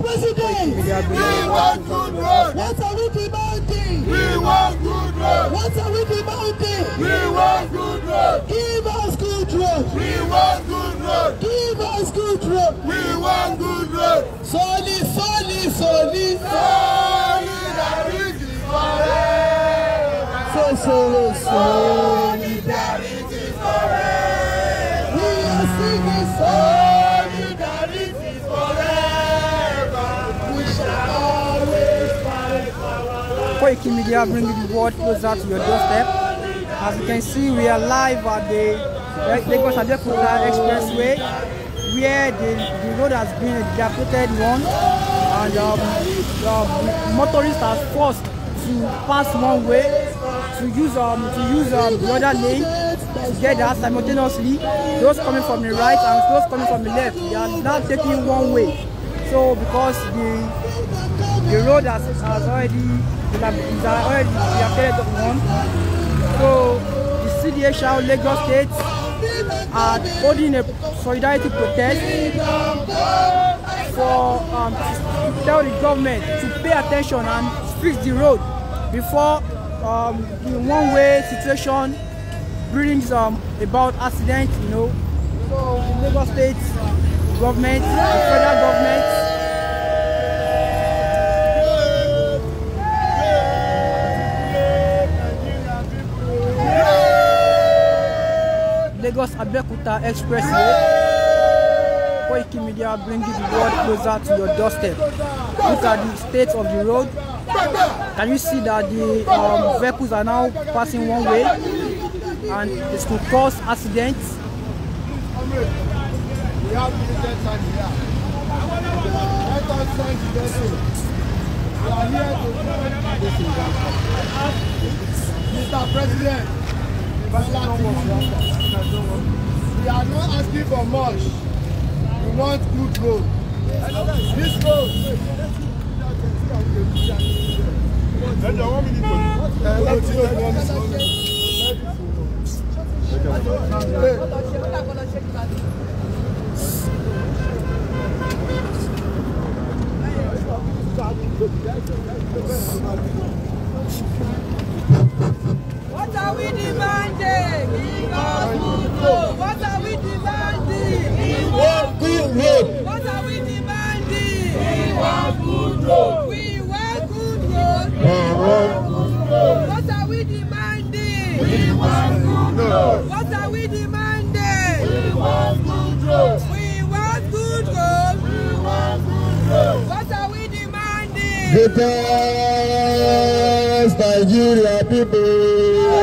President, we want good roads. What are we demanding? We want good roads. What are we demanding? We want good roads. Give us good roads. We want good roads. Give us good roads. We want good roads. Soli, soli, soli. Solidarity forever. So, so, so. Solidarity forever. We are singing soli. Koiki Media bringing the world closer to your doorstep. As you can see, we are live at the Lagos Abeokuta Expressway, where the, the road has been a dilapidated one, and um, um, motorists are forced to pass one way to use um to use um the other lane together simultaneously those coming from the right and those coming from the left they are now taking one way so because the the road has, has already is already affected of one. So the CDHL Lagos State are holding a solidarity protest for um, to tell the government to pay attention and fix the road before um, the one-way situation brings um, about accident, you know. So the Lagos State government, the federal government, Lagos Abeokuta Expressway. Koiki Media brings the world closer to your doorstep. Look at the state of the road. Can you see that the um, vehicles are now passing one way and it's to cause accidents? We have limited time here. We are here to this in Mr. President, President of Uganda. We are not asking for much. We want good road. This road. Thank you. What are we demanding? What are we demanding? We want good road. What are we demanding? We want good road. We want good road. We want good road. What are we demanding? We want good road. What are we demanding? We want good road. We want good road. We want good road. What are we demanding? Good road. Nigeria people.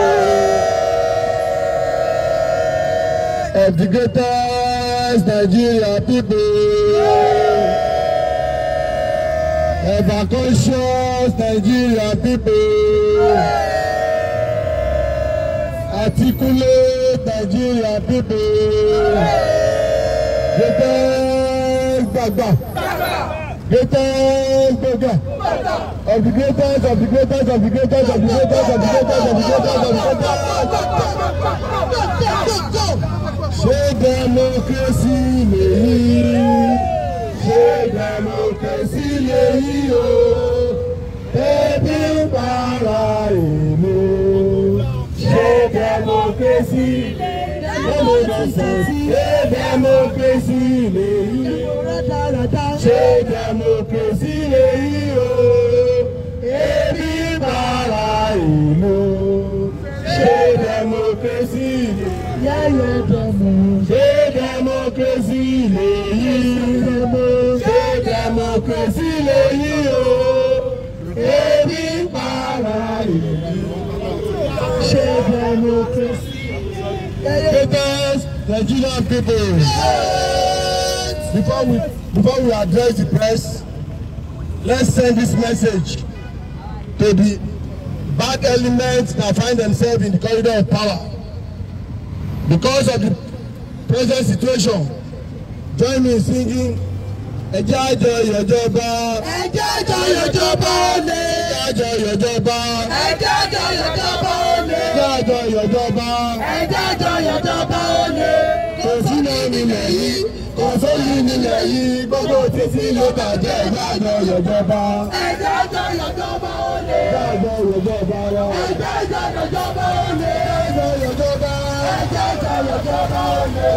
Educators, Nigeria people. Ever conscious Nigeria people. Articulate Nigeria people. Get get get Gbagba. get Gbagba of the greatest of the greatest of the greatest of the greatest of the greatest of the greatest of the greatest. Ṣé democracy lèyí? Ṣé democracy lèyí o? Ebi ń para èmi. Ṣé democracy lèyí? Ṣé democracy lèyí? Ṣé democracy democracy yẹ́yẹ́ dẹ́mọ̀. ṣé democracy lèyí ṣé democracy lèyí o ebi para ìlú. ṣé democracy yẹ́yẹ́ dẹ́mọ̀. Nigerian people, before we before we address the press, let's send this message to the bad elements that find themselves in the corridor of power because of the present situation join me singing ẹjẹ́ àjọ yọjọba. ẹjẹ́ àjọ yọjọba olè. ẹjẹ́ àjọ yọjọba. ẹjẹ́ àjọ yọjọba olè. ẹjẹ́ àjọ yọjọba. ẹjẹ́ àjọ yọjọba olè. kò sílẹ̀ nílẹ̀ yìí kò sóyún nílẹ̀ yìí gbogbo títí ló bàjẹ́ ẹjẹ́ àjọ yọjọba. ẹjẹ́ àjọ yọjọba olè. ẹjẹ́ àjọ yọjọba wa. ẹjẹ́ àjọ yọjọba olè. ẹjẹ́ àjọ yọjọba ẹjẹ́ jọ̀yọ̀ jọba olè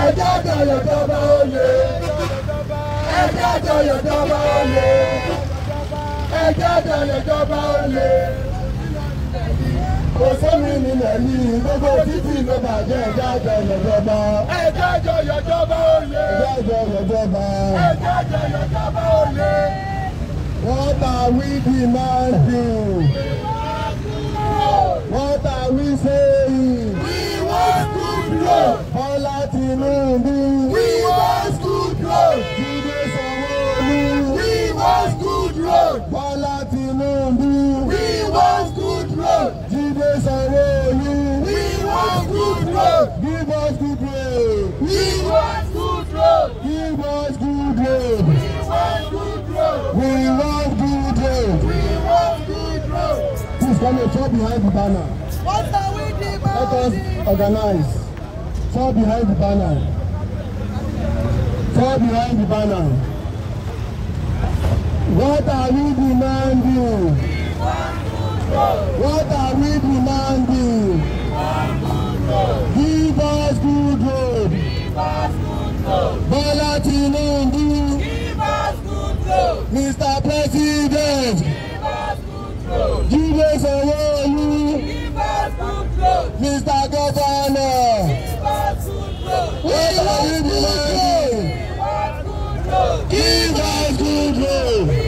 ẹjẹ́ jọ̀yọ̀ jọba olè kò sómi nílẹ̀ yìí gbogbo títì ló bàjẹ́ ẹ̀já àjọ ìyọ̀jọba. ẹ̀já àjọ ìyọ̀jọba òye. ẹ̀já àjọ ìyọ̀jọba. ẹ̀já àjọ ìyọ̀jọba òye. wọ́n bá wí máa ń dùn. Jamie, fall behind the banner. What are we demanding? Let us organize. Fall behind the banner. Fall behind the banner. What are we demanding? What are we demanding? Give us good road. good road. good road. Mr. President. Give Jídé Sanwó-Olú. Mr. Governor. Wọ́n sọ yín bí wọ́n lò. Give us good road.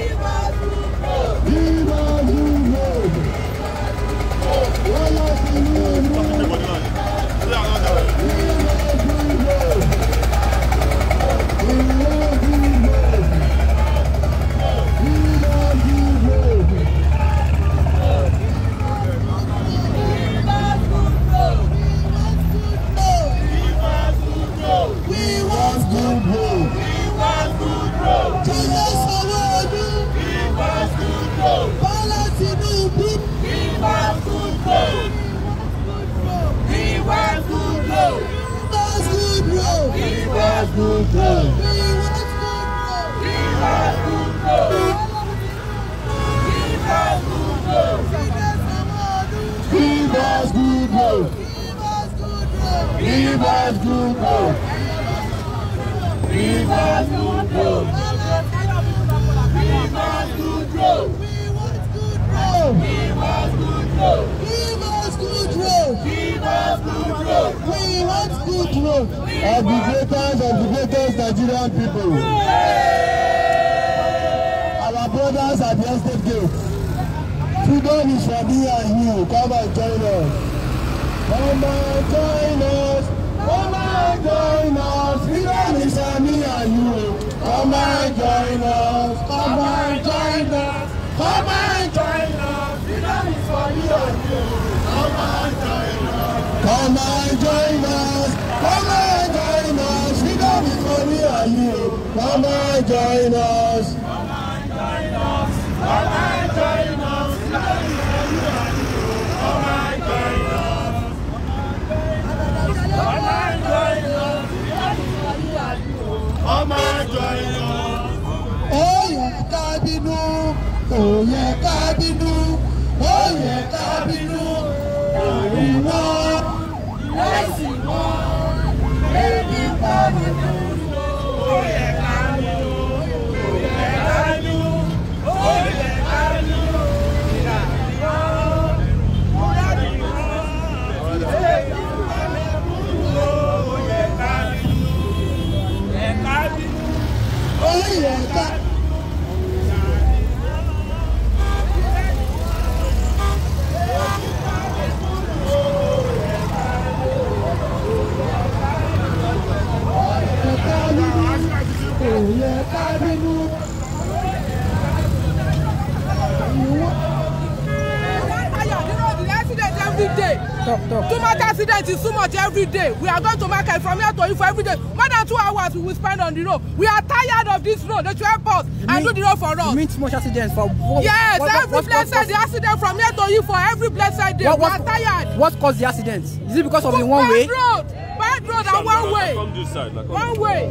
on the road. We are tired of this road. Don't you help us you and mean, do the road for us. You mean too much accidents for what? Yes, what, every what, blessed what, what, the accident from here to you for every blessed day. What, what, we are tired. What caused the accidents? Is it because of the one way? road. Bad road and one way. Come one way.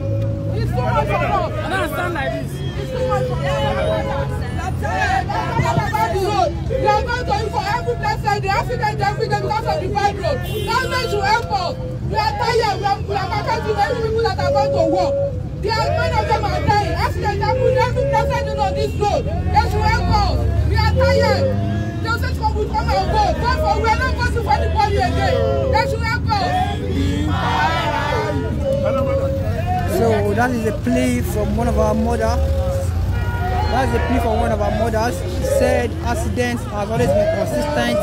It's too much for us. I don't understand like this. It's too much for us. We are going to you for every blessing. The accident the accident because of the bad road. Government should help us. We are tired. We are, we are marketing every people that are going to work. There are men of them are dying. Accident happened. Every person is on this road. They should help us. We are tired. Just let come with come and go. Don't we are not voting for anybody again. They should help us. So that is a plea from one of our mothers. That's a plea from one of our mothers. She said accidents have always been consistent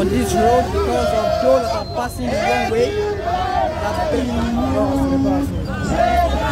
on this road because of those that are passing the wrong way. That's been lost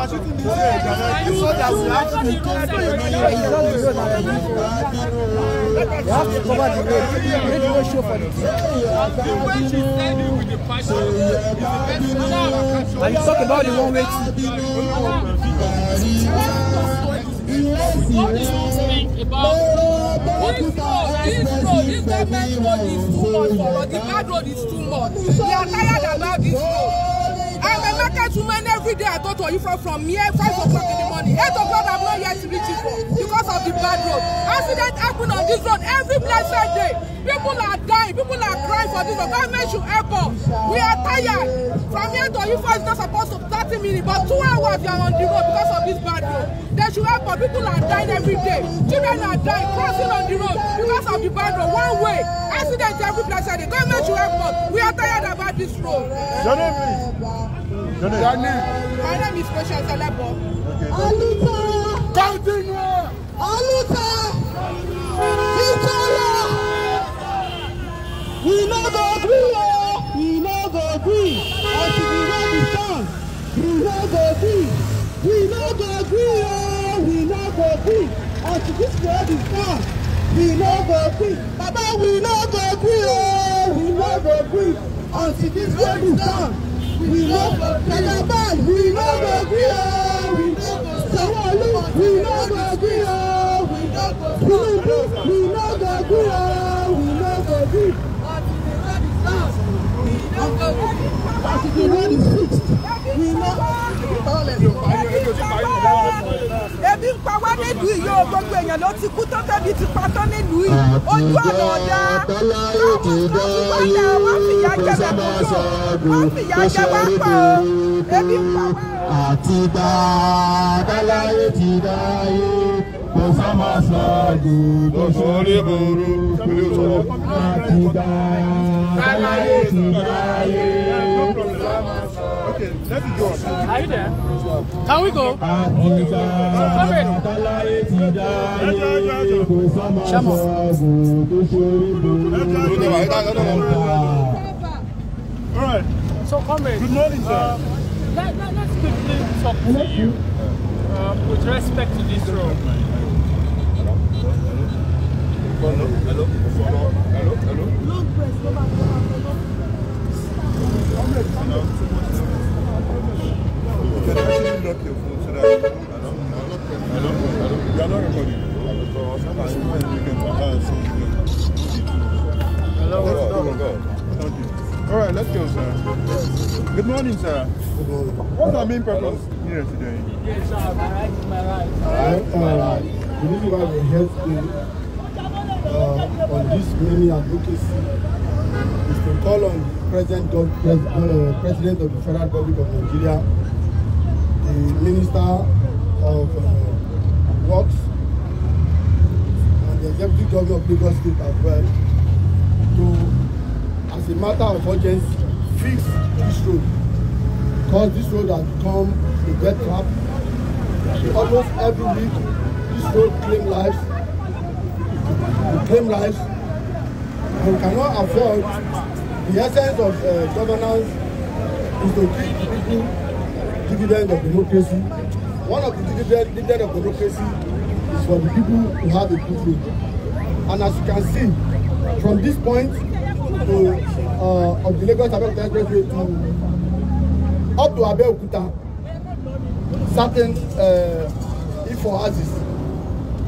so that we have to we have to cover the road make no show for the people. and you talk about the one way too. what do you think about. This road, this road, this government road is too much for us. The bad road is too much. We are tired about this road market women every day I go to Ifa from here, 5 eh, o'clock in the morning. 8 o'clock I'm not yet reaching for because of the bad road. Accident happen on this road every blessed day. People are dying, people are crying for this road. Government should help us. We are tired. From here to Ifa is not supposed to thirty minutes, but two hours you are on the road because of this bad road. They should help us. People are dying every day. Children are dying, crossing on the road because of the bad road. One way. Accident every blessed day. Government should help us. We are tired about this road. Your name, please. Your name? Your name? My name is Kosha Zalebo. Okay. Aluta! Continue! Aluta! Victoria! We know the agree, oh! We know the agree! Until we no be done, we know the agree! We know the agree, oh! We no go agree! Until this world is done, we know the agree! Baba, we know the agree, oh! We no go agree! Until this world is done! we no go jagaban we no go gree oo we no go sanwó-olu we no go gree we no go we no go gree. Àtìkè lórí six. We no. Báwo lè sọ? ebi ń pa wá nílùú yìí o gbogbo èèyàn ló ti kú tán tẹ́bi ti pa tán nílùú yìí ojú ọ̀nà ọ̀dà káwọn tó fi wáyà wọ́n fìyà jẹ mẹ́kúndùn wọ́n fìyà jẹ wá pa o ebi ń pa wá. àtìgbà dáláyé ti dáyé kò sábà sọ́ọ̀dù kò sórí burú kúlú sọ̀rọ̀. àtìgbà dáláyé ti dáyé kò sábà sọ́ọ̀dù. Okay, let me go. Are you there? Can we go? All right. So, comrade. Good morning, sir. Um, let, let, let's quickly talk to you um, with respect to this road. Hello, hello, hello, hello. Hello. Hello. come on, come on, come on. Comrade, comrade. but actually lock your phone so that you are not recording. Hello, what's up? Thank you. All right, let's go, sir. Good morning, sir. Good morning. What's our main purpose here today? Yes, sir. My right is my right. we need to have a health day uh, on this many advocacy. It's to call on the uh, President of the Federal Republic of Nigeria the Minister of uh, Works and the Deputy Governor of Lagos State as well to, as a matter of urgency, fix this road because this road has become a death trap. Almost every week, this road claims lives. It claims lives. We cannot afford the essence of uh, governance is to keep people dividend of democracy. One of the dividend, dividend of democracy is for the people who have a good road. And as you can see, from this point to uh, of the Lagos Abeokuta Expressway to up to Abeokuta, certain uh, Ifo houses,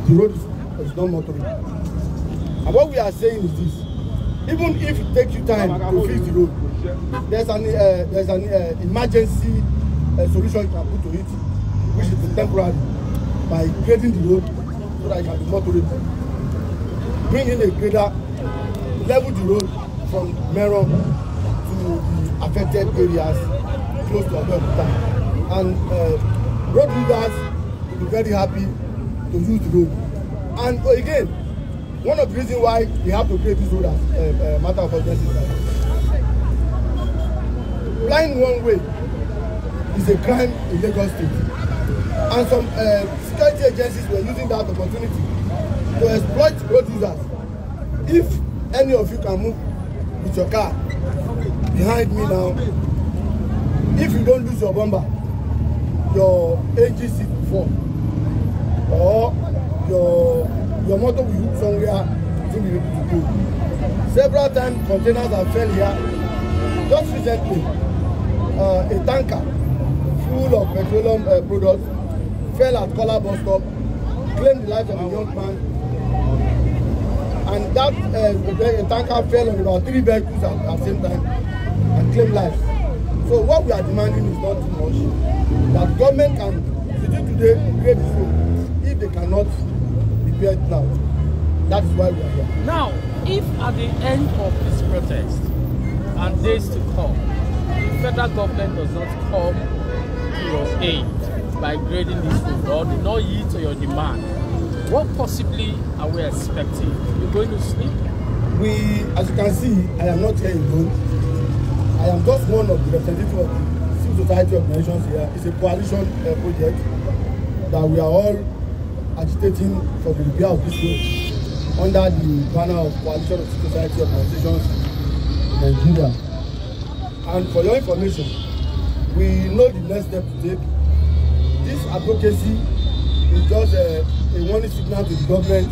the road is, is not motorable. And what we are saying is this even if it takes you time to fix the road, there's an, uh, there's an uh, emergency a solution you can put to it, which is temporary, by grading the road so that it can be more tolerable. Bring in a grader, level the road from Meron to the affected areas close to Abeokuta. And uh, road users will be very happy to use the road. And uh, again, one of the reasons why we have to create this road as a uh, uh, matter of urgency is that blind one way is a crime in Lagos State. And some uh, security agencies were using that opportunity to exploit road users. If any of you can move with your car behind me now, if you don't lose your bumper, your AGC fall, or your your motor will hook somewhere to be able to go. Several times containers have fell here. Just recently, uh, a tanker full of petroleum uh, products fell at Kola bus stop, claimed the life of a young man, and that uh, tanker fell on about three vehicles at the same time and claimed life. So what we are demanding is not too much. That government can today today create food if they cannot repair it now. That is why we are here. Now, if at the end of this protest and days to come, the federal government does not come your aid by grading this food or did not yield to your demand, what possibly are we expecting? You're going to sleep? We, as you can see, I am not here alone. I am just one of the representatives of the civil society organizations here. It's a coalition uh, project that we are all agitating for the repair of this road under the banner of coalition of civil society organizations in Nigeria. And for your information, we know the next step to take this advocacy is just a, uh, a warning signal to the government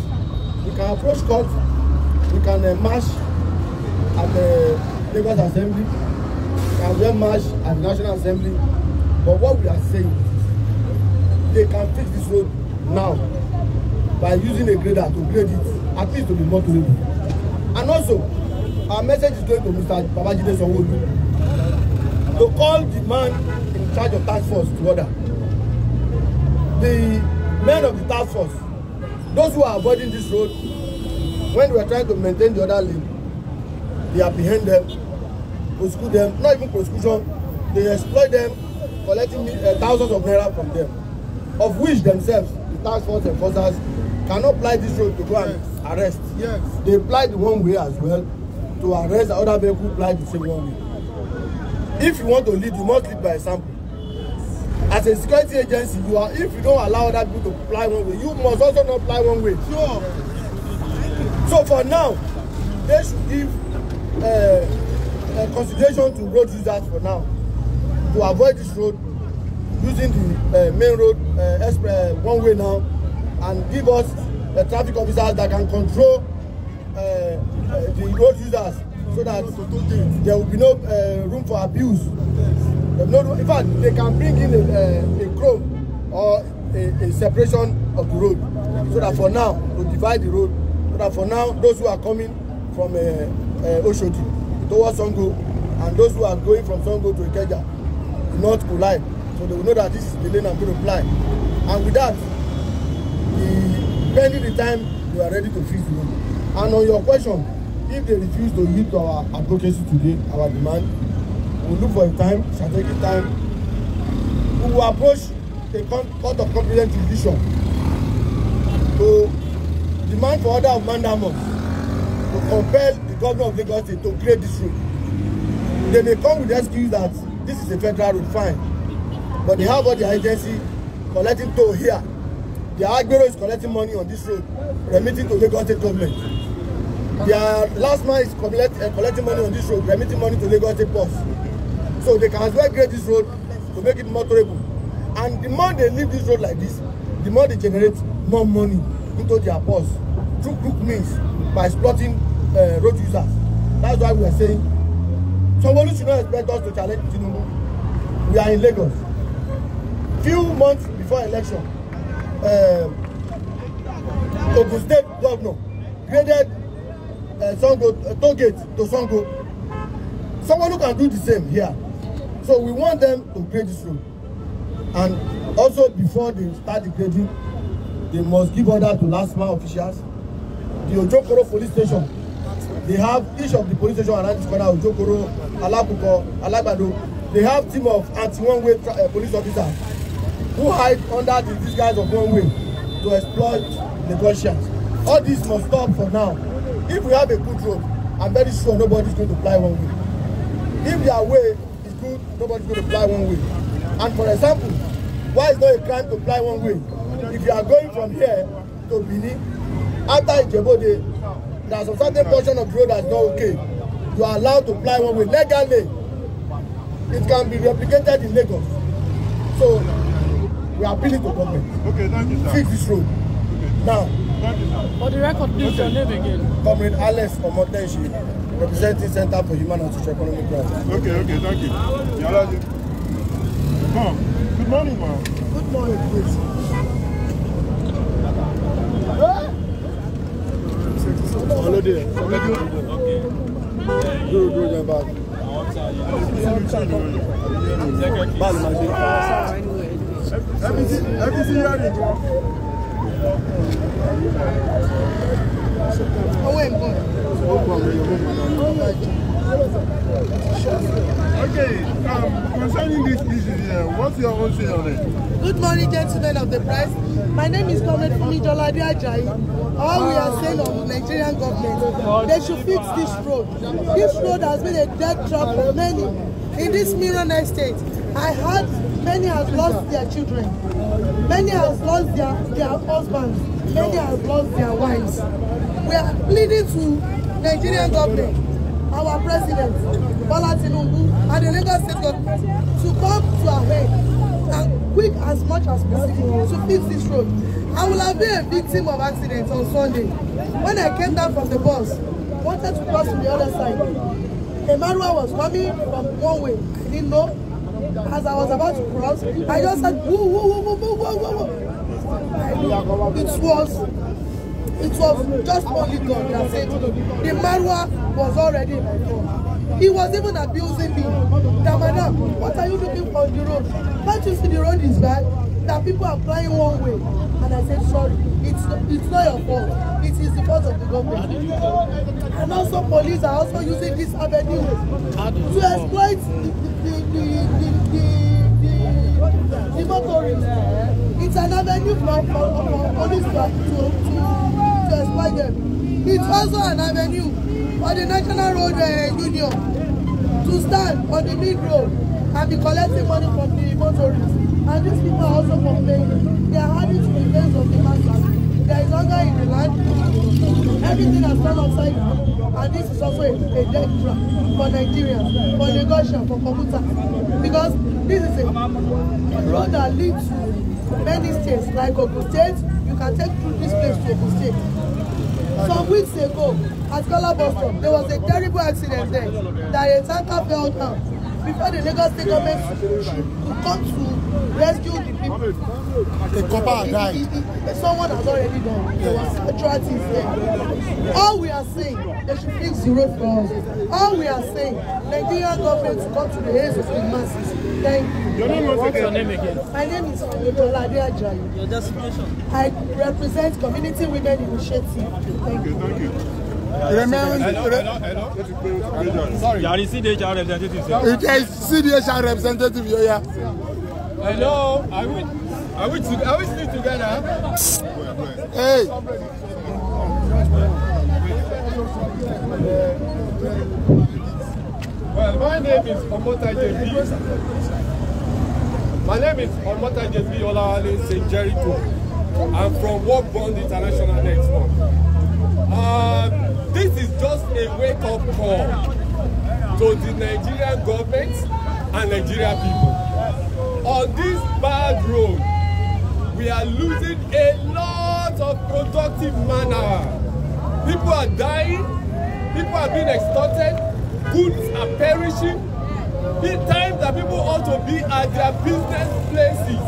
we can approach court we can uh, march at the lagos assembly we can wear march at the national assembly but what we are saying they can fix this road now by using a grader to grade it at least to be more motorable and also our message is going to mr babajide sanwoolu to call the man in charge of task force to order. The men of the task force, those who are avoiding this road, when they are trying to maintain the other lane, they are behind them, prosecute them, not even prosecution, they exploit them, collecting uh, thousands of naira from them, of which themselves, the task force enforcers, cannot ply this road to go and yes. arrest. Yes. They ply the one way as well to arrest the other vehicle ply the same one way if you want to lead you must lead by example as a security agency you are if you don't allow other people to fly one way you must also not fly one way sure so for now they should give uh, uh, consideration to road users for now to avoid this road using the uh, main road uh, express uh, one way now and give us the traffic officers that can control uh, uh, the road users so that there will be no uh, room for abuse. No, in fact, they can bring in a, a, uh, a chrome or a, a separation of the road so that for now, to divide the road, so that for now, those who are coming from uh, uh, Oshodi towards Songo and those who are going from Songo to Ikeja do not collide. So they will know that this is the lane I'm going to apply. And with that, the, pending the time, you are ready to fix the road. And on your question, If they refuse to yield to our advocacy today, our demand, we'll look for a time, strategic time. We will approach a court of competent division to demand for order of mandamus to compel the governor of Lagos State to create this road. They may come with the excuse that this is a federal road, fine. But they have all the agency collecting toll here. The Agbero is collecting money on this road, remitting to Lagos State government. They are, last man is collect, uh, collecting money on this road, remitting money to Lagos State Post. So they can as well grade this road to make it more motorable. And the more they leave this road like this, the more they generate more money into their purse through group means by exploiting uh, road users. That's why we are saying somebody should not expect us to challenge Tinubu. We are in Lagos. Few months before election, uh, Ogun State governor graded uh, eh, Sango, uh, eh, Togate to Sango. Someone who can do the same here. So we want them to grade this road. And also before they start the grading, they must give order to last man officials. The Ojokoro police station, they have each of the police station around this corner, Ojokoro, Alakuko, Alabado. they have team of anti-one-way uh, eh, police officers who hide under the disguise of one way to exploit Lagosians. All this must stop for now. If we have a good road, I'm very sure nobody's going to fly one way. If their way is good, nobody's going to fly one way. And for example, why is not a crime to fly one way? If you are going from here to Benin, after Ijebode, there's a certain portion of road that's not okay. You are allowed to fly one way legally. It can be replicated in Lagos. So we are appealing to government. Okay, thank you, sir. Fix this road. Okay. Now, For the record, please, your name again. Comrade Alex Omotenshi, representing Center for Human and Social economic Rights. Okay, okay, thank you. Yala, Mom, good morning, ma'am. Good morning, please. Hello there. Okay. Good, good, and bad. Bad, my dear. Everything, everything you are in. Okay, concerning this issue here, what's your own say on it? Good morning, gentlemen of the press. My name is Comrade Funmi Ajayi. All we are saying on the Nigerian government, they should fix this road. This road has been a death trap for many. In this Mirror Estate, I heard many have lost their children. Many have lost their, their husbands. Many have lost their wives. We are pleading to Nigerian government, our president, Bola Tinubu, and the Lagos state government to come to our aid and quick as much as possible to fix this road. I will have been a victim of accident on Sunday. When I came down from the bus, wanted to cross to the other side. A manual was coming from one way. I didn't know as I was about to cross, I just said, woo, woo, woo, woo, woo, woo, woo. It was, it was just only God that said, the Marwa was already in my door. He was even abusing me. That what are you looking for on the road? Can't you see the road is bad? That people are flying one way. And I said, sorry, it's, it's not your fault. It is the fault of the government. And also police are also using this avenue to exploit the, the, the the motorists. It's an avenue for, for, police to, to, to, exploit them. It's also an avenue for the National Road uh, Union to stand on the main road and be collecting money from the motorists. And these people are also complaining. They are having to the of the masses there is hunger in the land. Everything has turned upside down. And this is also a, a death trap for Nigerians, for Lagosian, for Kobuta. Because this is a road that leads to many states, like Ogun State. You can take through this place to Ogun State. Some weeks ago, at Kola Bus there was a terrible accident there that a tanker fell down before the Lagos State government could come to rescue the people. The copper died. It, someone has already done. There was sexuality is there. All we are saying, they should fix the road for us. All we are saying, Nigerian government to come to the aid of the masses. Thank you. Your name What's your name again? My name is Olade Ajayi. Your destination? I represent Community Women Initiative. Thank you. Thank you. Remember, hello, hello, hello. Sorry. You are the CDHR representative. It is CDHR representative here. Yeah. Hello, are we, are we, to, are we still together? Hey! Well, my name is Omota JB. My name is Omota JB Olawale St. Jericho. I'm from World Bond International Network. Um, this is just a wake-up call to the Nigerian government and Nigerian people on this bad road, we are losing a lot of productive man People are dying, people are being extorted, goods are perishing. The time that people ought to be at their business places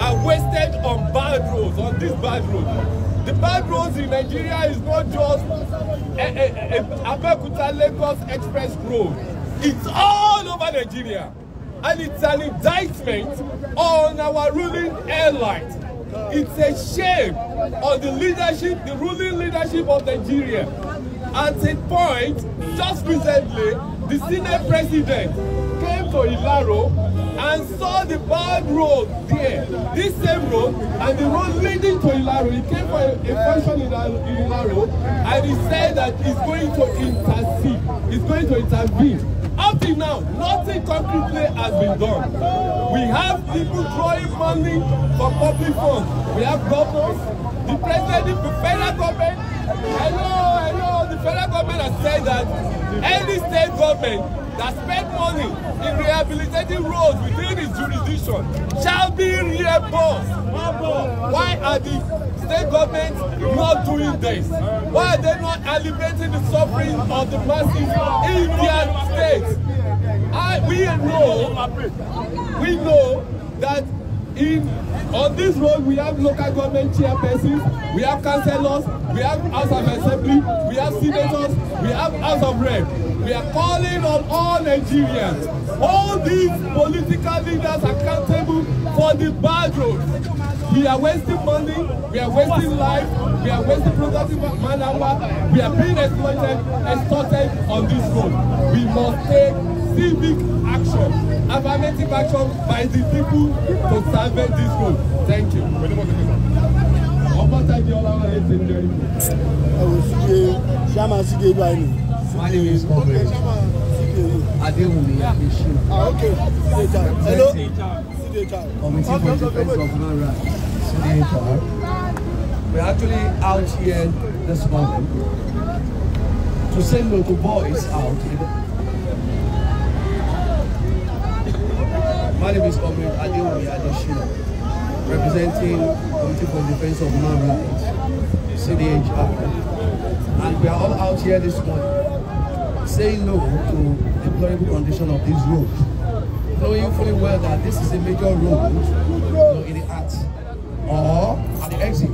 are wasted on bad roads, on this bad road. The bad roads in Nigeria is not just eh, eh, eh, Abeokuta Lagos Express Road. It's all over Nigeria and it's an indictment on our ruling airlines. It's a shame on the leadership, the ruling leadership of Nigeria. At a point, just recently, the senior president came to Ilaro and saw the bad road there, this same road, and the road leading to Ilaro. He came for a function in Ilaro, and he said that he's going to intercede, he's going to intervene Up to now, nothing concretely has been done. We have people drawing money for public funds. We have governors, the president, the federal government. Hello, hello, the federal government has said that any state government that spend money in rehabilitating roads within its jurisdiction shall be reimbursed. Why are the state government not doing this? Why are they not alleviating the suffering of the masses in their states? I, we know, we know that in on this road we have local government chairpersons, we have councillors, we have House of Assembly, we have senators, we have House of Reps. We are calling on all Nigerians, all these political leaders accountable for the bad road. We are wasting money, we are wasting life, we are wasting productive man hour, we are being exploited, and extorted on this road. We must take civic action, affirmative action by the people to salvage this road. Thank you. I Ọbásanjọ́ Ọláwálé ti ń jẹ́ ìlú. Ẹ̀wọ̀n síge ṣáàmà síge ìlú àìní. Wálé mi sọ bẹ́ẹ̀. Adéwùmí machine. Ah okay. Hello. Committee for Defense of Human Rights, CDHR. We're actually out here this morning to send no to boys out. My name is Comrade Adeomi Adeshina, representing Committee for Defense of Human Rights, CDHR. And we are all out here this morning saying no to the deplorable condition of this road knowing fully well that this is a major road in the heart or at the exit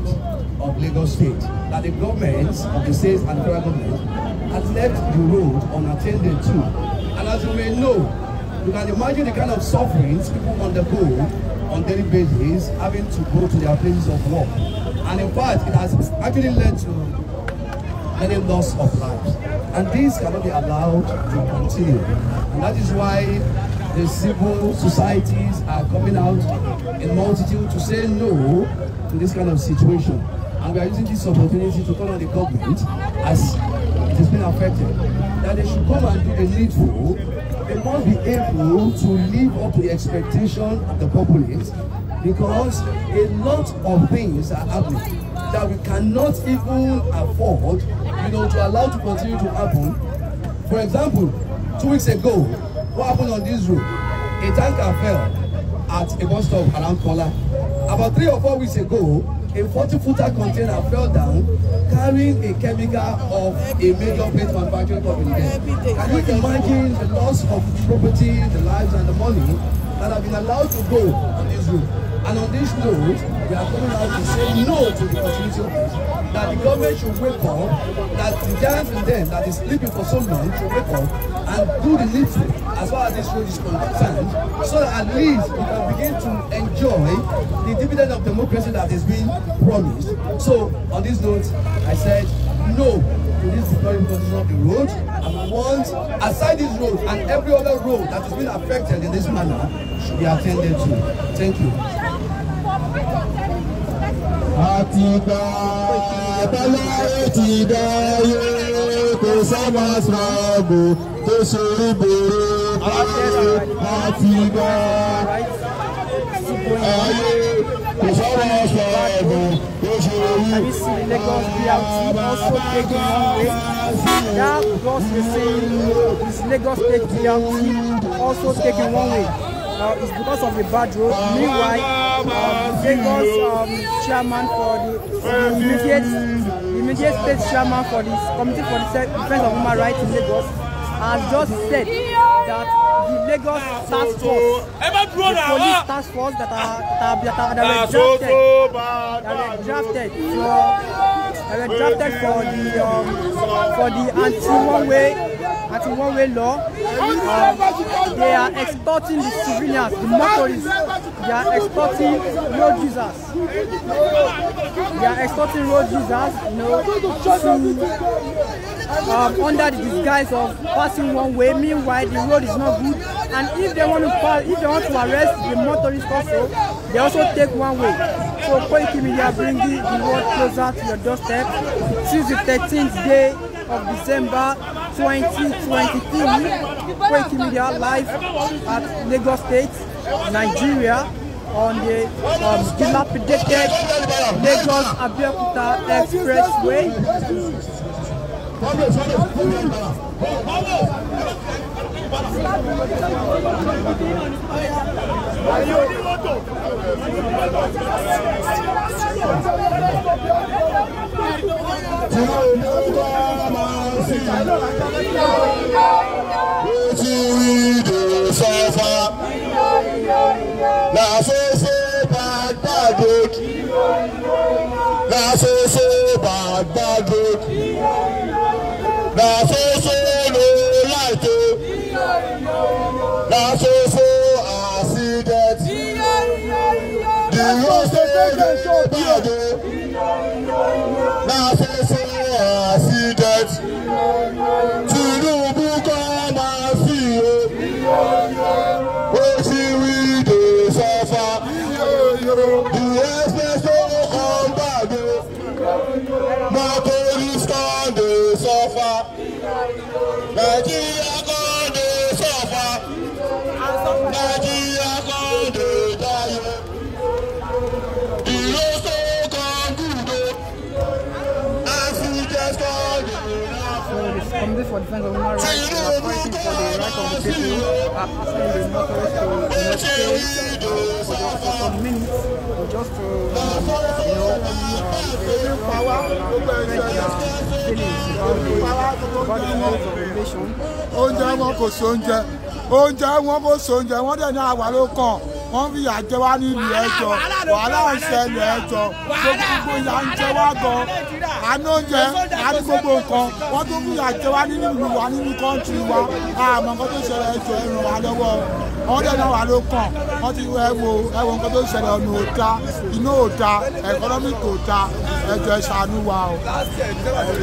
of Lagos State, that the governments of the states and federal government has left the road unattended to. And as you may know, you can imagine the kind of sufferings people undergo on daily basis having to go to their places of work. And in fact, it has actually led to many loss of lives. And this cannot be allowed to continue. And that is why the civil societies are coming out in multitude to say no to this kind of situation. And we are using this opportunity to call on the government as it has been affected, that they should come and do the needful. They must be able to live up to the expectation of the populace because a lot of things are happening that we cannot even afford, you know, to allow to continue to happen. For example, two weeks ago, What happened on this road? A tanker fell at a bus stop around Kola. About three or four weeks ago, a 40-footer container fell down carrying a chemical of a major paint manufacturing company Can you imagine the loss of property, the lives and the money that have been allowed to go on this road? And on this note, we are coming out to say no to the continuity of this that the government should wake up, that the giants in them that is sleeping for so long should wake up and do the little as far as this road is concerned, so that at least we can begin to enjoy the dividend of democracy that is being promised. So, on this note, I said no to this deploying position of the road, and we want, aside this road and every other road that has been affected in this manner, should be attended to. Thank you àtìgbà àbáláyé ti dáyé kò sọ́mọ sọ́ọ̀bù tó ṣe é bèrè báyé àtìgbà ayé kò sọ́mọ sọ́ọ̀bù tó ṣe é bèrè báyé àtìgbà. That Lagos is saying is Lagos State DRT also taking one way uh, is because of the bad road. Meanwhile, uh, Lagos um, chairman for the, immediate, immediate state chairman for the Committee for the Defense of Human Rights in Lagos has just said that the Lagos task force, the police task force that are that are, that are, drafted, oh, that were drafted for, that were drafted for the um, for the anti-one way At one way law. Um, they are exporting the civilians, the motorists. They are exporting road users. They are exporting road users, you know, to, um, under the disguise of passing one way. Meanwhile, the road is not good. And if they want to pass, if they want to arrest the motorists also, they also take one way. So Koiki Media bringing the world closer to your doorstep since the 13th day of December 2023, Quake Media live at Lagos State, Nigeria on the um, dilapidated Lagos Abeokuta Expressway. Thank you tí ó ní ó bá máa ṣe. President Governor fighting for the right of the people are asking the motorists to not stay for, just, for some minutes or just to, um, you know, uh, they feel power and prevent their feelings about the government of the nation. Oúnjẹ wọn kò sóúnjẹ, oúnjẹ wọn kò sóúnjẹ, wọ́n dẹ̀ ní àwa ló kàn wọ́n fi yà jẹ wá nílùú ẹjọ́ wàhálà ìṣẹ̀lẹ̀ ẹjọ́ gbogbo ìyà ń jẹ wá gan àánú oúnjẹ àánú gbogbo nǹkan wọ́n tún fi yà jẹ wá nínú ìlú wa nínú kọ́ńtì wa àmọ́ nǹkan tó ṣẹlẹ̀ ẹjọ́ ẹ ràn wá lọ́wọ́ wọ́n dẹ̀ náà wà ló kàn wọ́n ti ẹ wo ẹ wo nǹkan tó ṣẹlẹ̀ ọ̀nà òta iná òta economic òta ẹjọ́ ẹ ṣàánú wa o. Sẹ́rẹ́ kó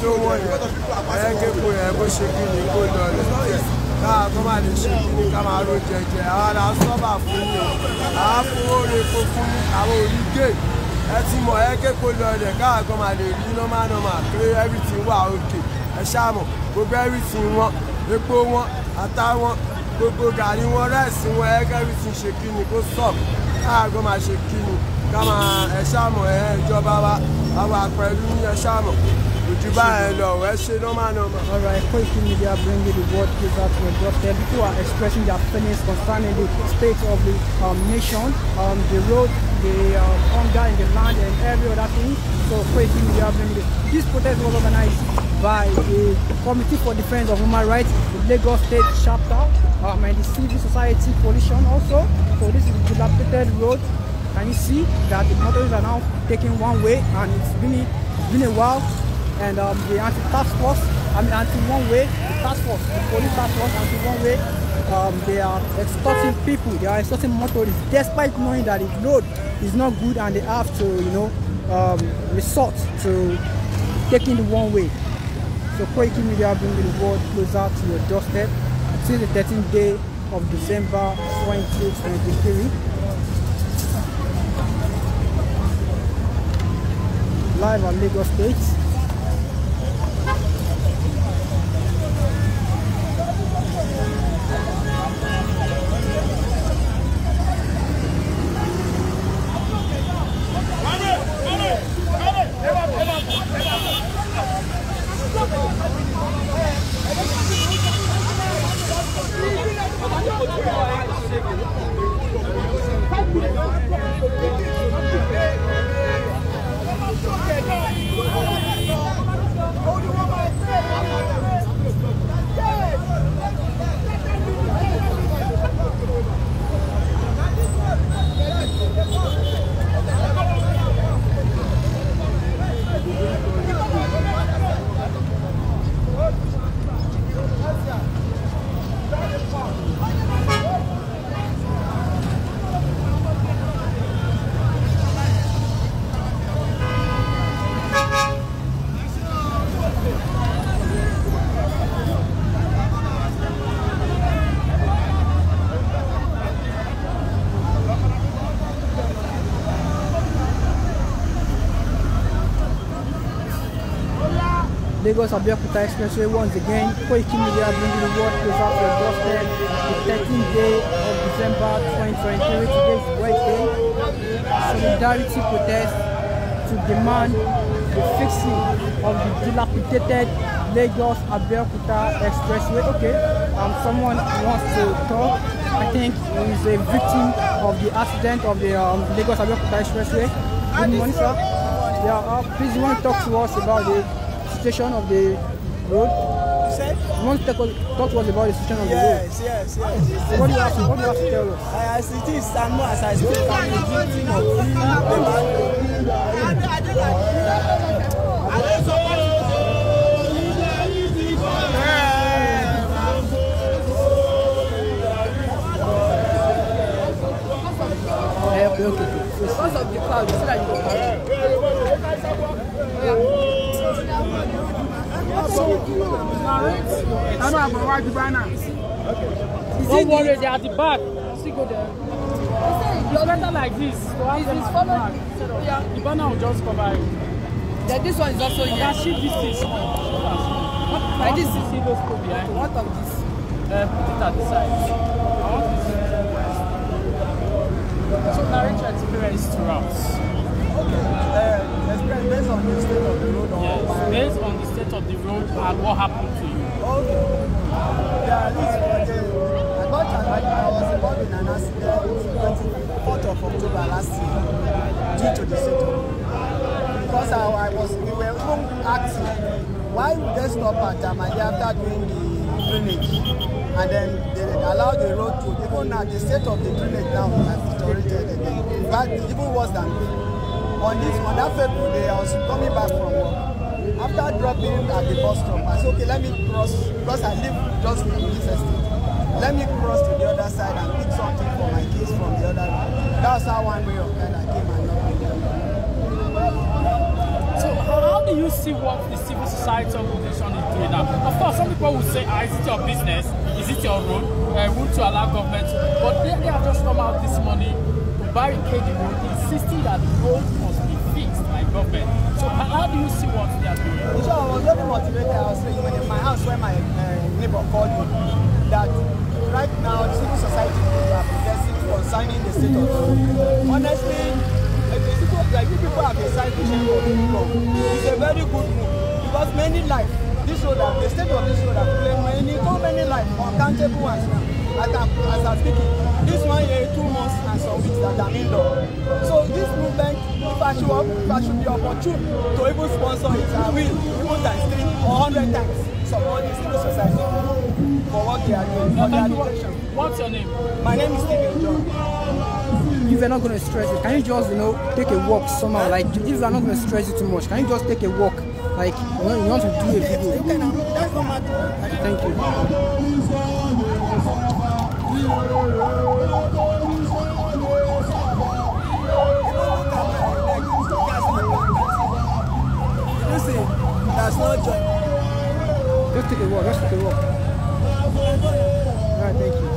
tó wọ̀nyí, ẹ̀yẹ́ kéko yẹn kó ṣe kí ni kó ìlọrin káà kọ́ máa lè ṣe kíni ká jẹjẹ àwa sọ́bà fún mi àá fún oore funfun ní àwọn oríkè ẹ ti mọ̀ ẹ kéko lọlẹ̀ káà kọ́ máa lè rí normal normal pé everything wà òkè ẹ ṣàmọ̀ gbogbo everything wọn epo wọn ata wọn gbogbo gàrí wọn rẹ́ẹ̀sì wọn ẹ everything ṣe kíni kó sọ̀kù káà kọ́ máa ṣe kíni ká máa ẹ ṣàmọ̀ ẹ ìjọba wa àwa pẹ̀lú ẹ ṣàmọ̀. Dubai and all. Well, say normal, normal. All right, Koiki Media bringing the world closer to your doorstep. People are expressing their feelings concerning the state of the um, nation, um, the road, the um, hunger in the land, and every other thing. So Koiki Media bringing this. This protest was organized by the Committee for Defense of Human Rights, the Lagos State Chapter, um, and the Civil Society Coalition also. So this is the dilapidated road. Can you see that the motorists are now taking one way and it's been been a while and um, the anti-task force, I mean anti-one way, the task force, the police task force, anti-one way, um, they are extorting people, they are extorting motorists, despite knowing that the road is not good and they have to, you know, um, resort to taking the one way. So Koiki Media bringing the world closer to your doorstep until the 13th day of December 2023. Live at Lagos State. Thank you. Lagos Abiyakuta Expressway once again. Koiki Media bringing the world closer to your doorstep. The 13th day of December 2023, today is Wednesday. Solidarity protest to demand the fixing of the dilapidated Lagos Abiyakuta Expressway. Okay, um, someone wants to talk. I think he is a victim of the accident of the um, Lagos Abiyakuta Expressway. Good morning, sir. Yeah, uh, please, you want to talk to us about it? situation of the road? You want to talk, to us about the situation of yes, the road? Yes, yes, yes. What do you have to, what do you have to tell us? As it is, and more as I speak, I'm the victim of the man. Okay, okay. Because of the crowd, you see that you go carry. Don't worry, they are at the back. See, go there. It's better like this. To have is them at the back. Yeah. The banner will just cover it. Then this one is also here. Yeah, shift this thing. Like this. See those people behind. What of this? Uh, put it at the side. So narrate your experience throughout. Okay. Uh, based on the state of the road or yes, what? based on the state of the road and what happened to you. Okay. Yeah, this project, I got an, I was involved in an accident on 4th of October last year due to the state of Because I, I was, we were even asking, Why would they stop at Amadi after doing the drainage? And then they allowed the road to, even now, the state of the drainage now has deteriorated again. That even worse than me on this on that February day, eh, I was coming back from work. After dropping at the bus stop, I said, okay, let me cross because I live just in this estate. Let me cross to the other side and pick something for my kids from the other. That's how one way of kind I came and knocked with them. So how do you see what the civil society organization is doing now? Of course, some people will say, ah, is it your business? Is it your road? Uh, eh, would you allow government? But they, they have just come out this morning to buy a road, insisting that the road government. So how do you see what they are doing? So I was very motivated. I was saying when in my house where my uh, neighbor called me that right now the civil society are protesting concerning the state of the people, like people have decided to the people. It's a very good move because many lives this road the state of this road have claimed many so many lives uncountable ones as i'm as i'm speaking this one year two months and some weeks that i'm in law so this movement fashion, should be opportune to even sponsor it. I will, even times three or hundred times, support this civil society for what they are doing, for their direction. What's your name? My name is Stephen John. If you're not going to stress it, can you just, you know, take a walk somehow? Like, if you're not going to stress it too much, can you just take a walk? Like, you, know, you want to do a video. You can, um, that's not Thank you. That's not a Just take a walk, just take a walk. Alright, thank you.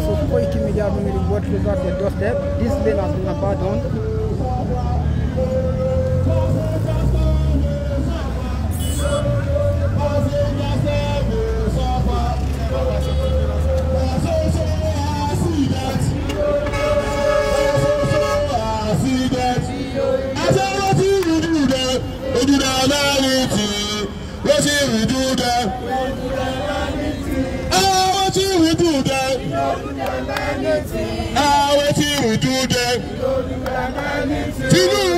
So, Koiki Media Family World Reserve at doorstep. This lane has been abandoned. Inú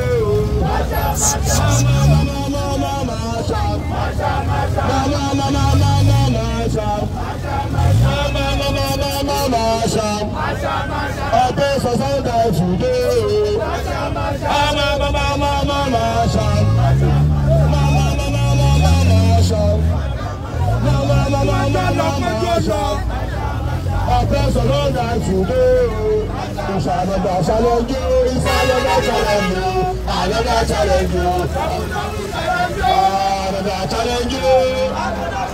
bless the Lord that you do. Another challenge you, it's another challenge you, another challenge you, another challenge you.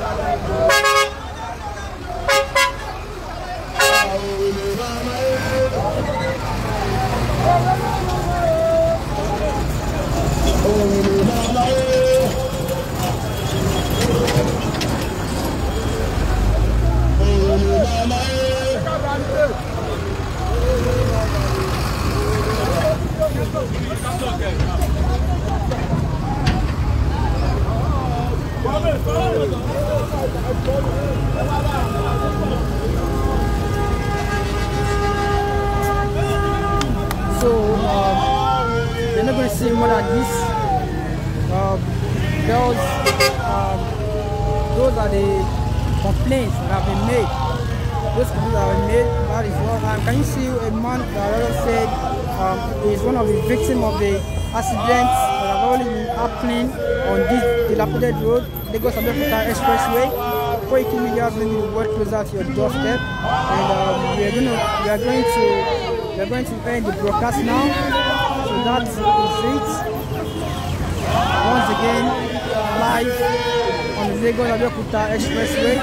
So uh, we're not going to see more like this. Uh, um, those, um, those are the complaints that have been made. Those complaints that have been made, that is what I'm. Can you see a man that said um, is one of the victims of the accident that have already been happening on this dilapidated road, Lagos Abeokuta Expressway. Quake Media bringing the world closer to your doorstep, and um, we are going to we are going to we are going to end the broadcast now. So that is it. Once again, live on the Lagos Abeokuta Expressway.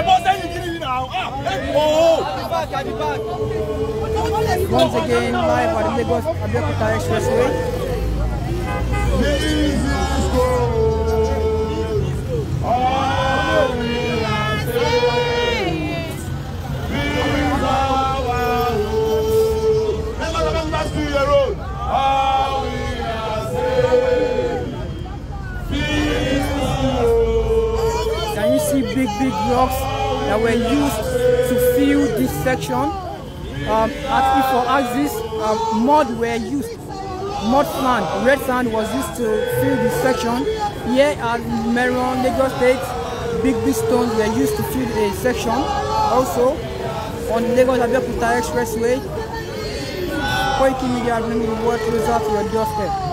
ẹ bọ́ sẹ́yìn kiri yìí náà ẹ wò ó. Once again live at Lagos Abeokuta Expressway. Can you see big, big rocks that were used to fill this section. Um, at Ifo axis, um, mud were used, mud sand, red sand was used to fill this section. Here at Meron, Lagos State, big big stones were used to fill a section. Also, on Lagos Abeokuta Expressway, Koiki Media bringing the world closer to your doorstep.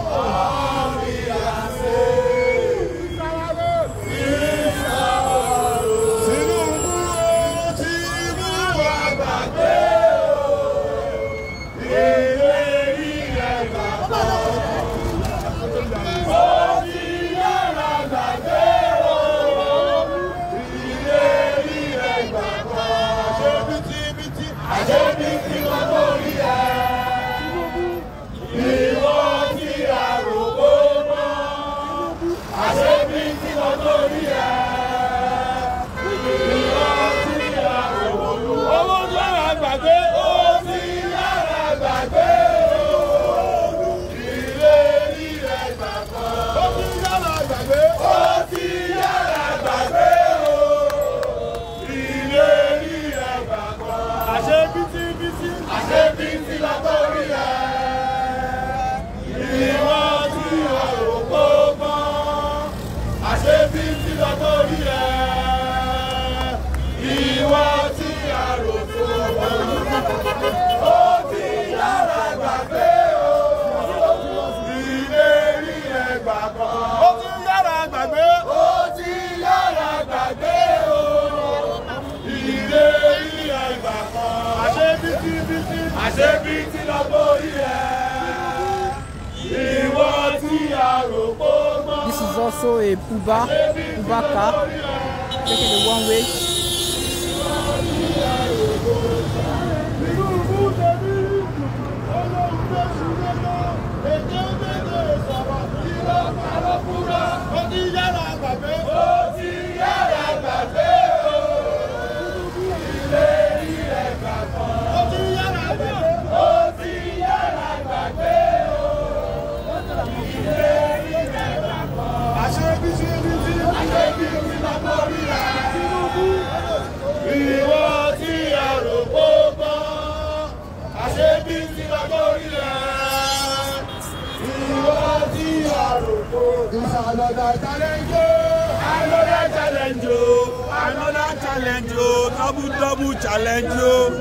challenge o double double challenge o.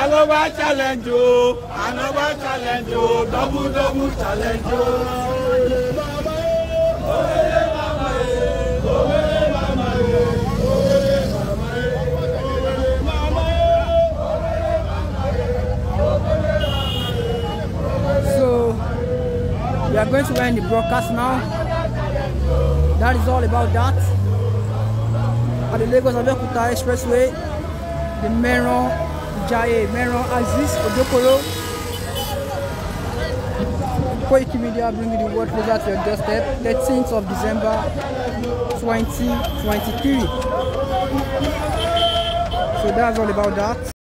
Anọba challenge o, anọba challenge o, double double challenge o. Oyè mama ye, oyè mama ye, oyè mama ye, oyè mama ye. So we are going to end the broadcast now. That is all about that at the Lagos Abeokuta Expressway, the Meron Jaye, Meron Aziz Odokoro. Koiki Media bringing the world closer to your doorstep, 13th of December 2023. So that's all about that.